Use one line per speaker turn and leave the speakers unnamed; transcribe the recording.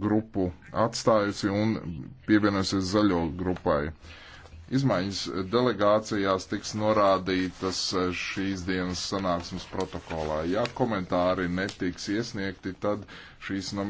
grupu atstājusi un pievienojusies zaļo grupai. Izmaiņas delegācijās tiks norādītas šīs dienas sanāksmes protokolā. Ja komentāri netiks iesniegti, tad šīs nominācijas.